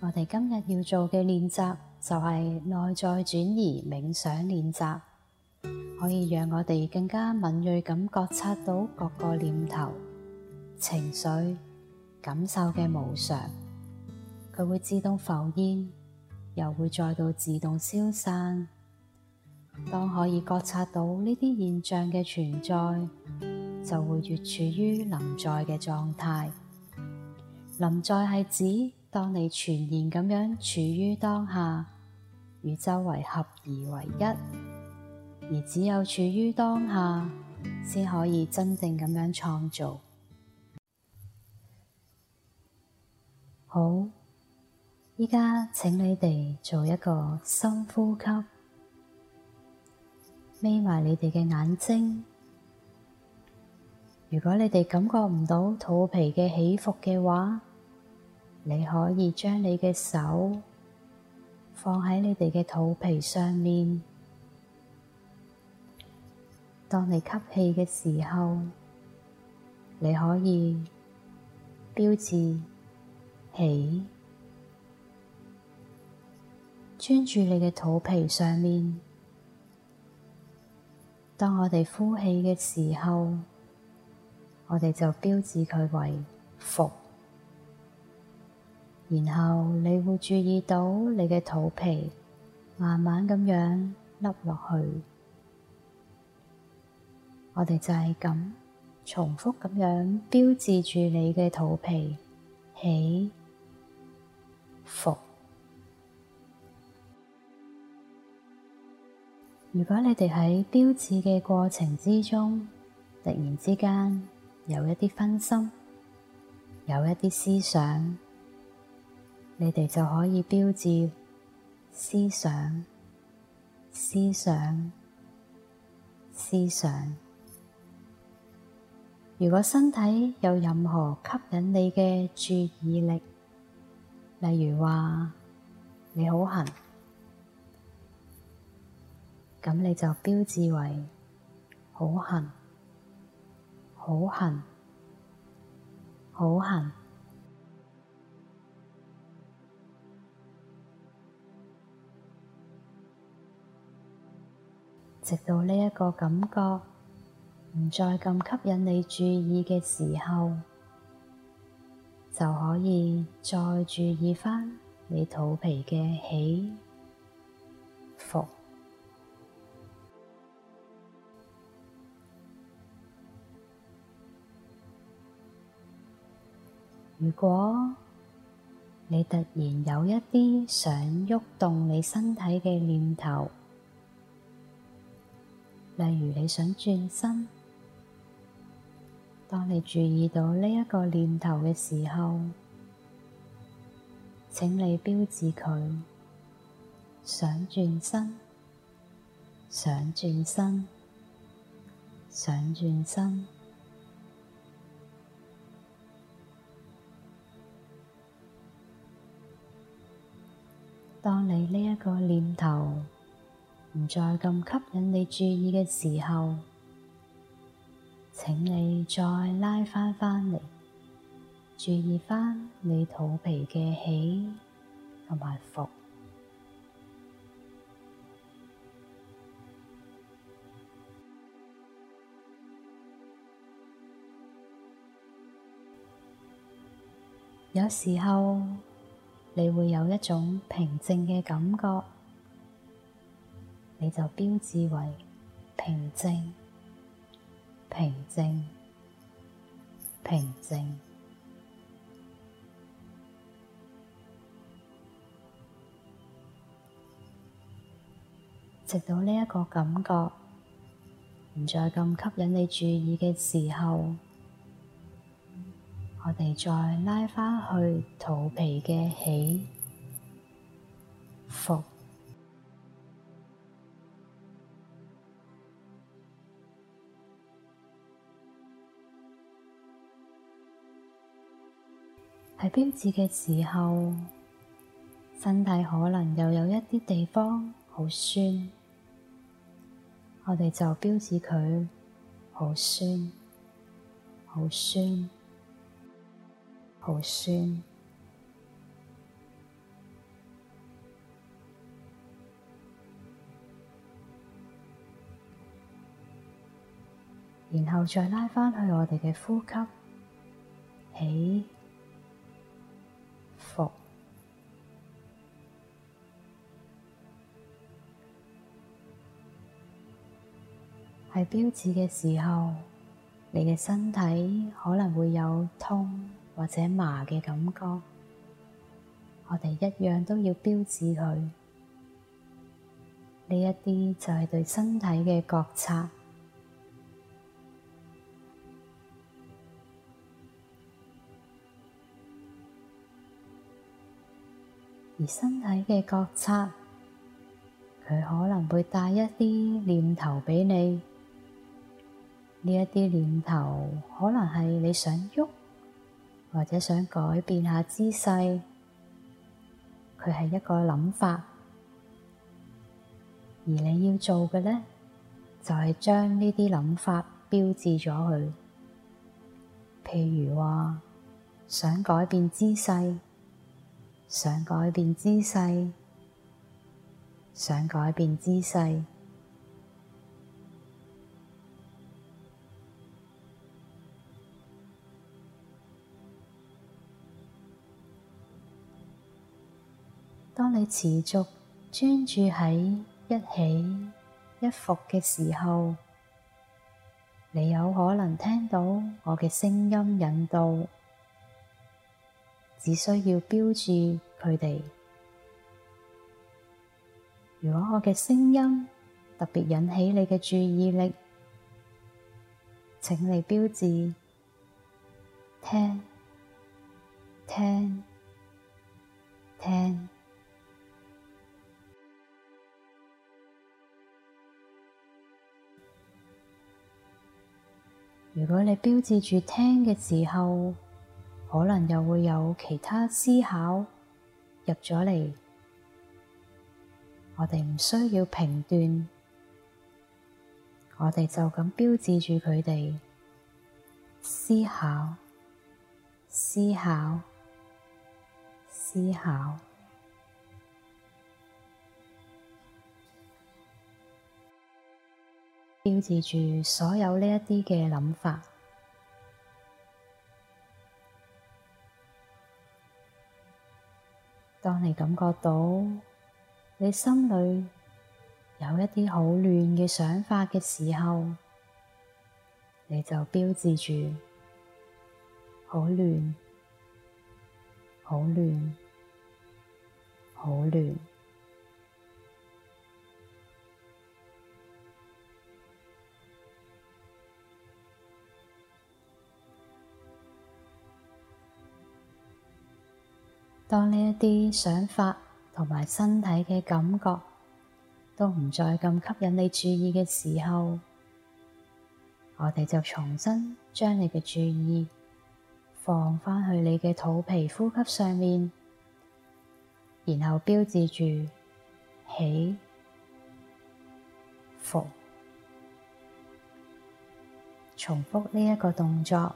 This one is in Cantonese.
我哋今日要做嘅練習就係內在轉移冥想練習，可以讓我哋更加敏銳咁覺察到各個念頭、情緒、感受嘅無常。佢會自動浮現，又會再度自動消散。當可以覺察到呢啲現象嘅存在，就會越處於臨在嘅狀態。臨在係指，當你全然咁樣處於當下，與周圍合而為一，而只有處於當下，先可以真正咁樣創造。好，依家請你哋做一個深呼吸，眯埋你哋嘅眼睛。如果你哋感覺唔到肚皮嘅起伏嘅話，你可以將你嘅手放喺你哋嘅肚皮上面。當你吸氣嘅時候，你可以標誌起，專注你嘅肚皮上面。當我哋呼氣嘅時候，我哋就標誌佢為伏。然後你會注意到你嘅肚皮慢慢咁樣凹落去。我哋就係咁重複咁樣標誌住你嘅肚皮起伏。如果你哋喺標誌嘅過程之中，突然之間有一啲分心，有一啲思想。你哋就可以標誌思想、思想、思想。如果身體有任何吸引你嘅注意力，例如話你好痕，咁你就標誌為好痕、好痕、好痕。直到呢一個感覺唔再咁吸引你注意嘅時候，就可以再注意返你肚皮嘅起伏。如果你突然有一啲想喐動你身體嘅念頭，例如你想轉身，當你注意到呢一個念頭嘅時候，請你標誌佢想轉身，想轉身，想轉身。當你呢一個念頭。唔再咁吸引你注意嘅時候，請你再拉返返嚟，注意返你肚皮嘅起同埋伏。有時候你會有一種平靜嘅感覺。你就標誌為平靜、平靜、平靜，直到呢一個感覺唔再咁吸引你注意嘅時候，我哋再拉返去肚皮嘅氣。標誌嘅時候，身體可能又有一啲地方好酸，我哋就標誌佢好酸、好酸、好酸，然後再拉翻去我哋嘅呼吸起。係標誌嘅時候，你嘅身體可能會有痛或者麻嘅感覺。我哋一樣都要標誌佢。呢一啲就係對身體嘅覺察。而身體嘅覺察，佢可能會帶一啲念頭畀你。呢一啲念頭，可能係你想喐，或者想改變下姿勢，佢係一個諗法。而你要做嘅呢，就係將呢啲諗法標誌咗佢。譬如話想改變姿勢，想改變姿勢，想改變姿勢。想改變姿勢。當你持續專注喺一起，一起，一伏嘅時候，你有可能聽到我嘅聲音引導，只需要標注佢哋。如果我嘅聲音特別引起你嘅注意力，請你標注。聽。如果你標誌住聽嘅時候，可能又會有其他思考入咗嚟，我哋唔需要評斷，我哋就咁標誌住佢哋思考、思考、思考。標誌住所有呢一啲嘅諗法。當你感覺到你心裏有一啲好亂嘅想法嘅時候，你就標誌住「好亂、好亂、好亂。」當呢一啲想法同埋身體嘅感覺都唔再咁吸引你注意嘅時候，我哋就重新將你嘅注意放返去你嘅肚皮呼吸上面，然後標誌住起伏，重複呢一個動作。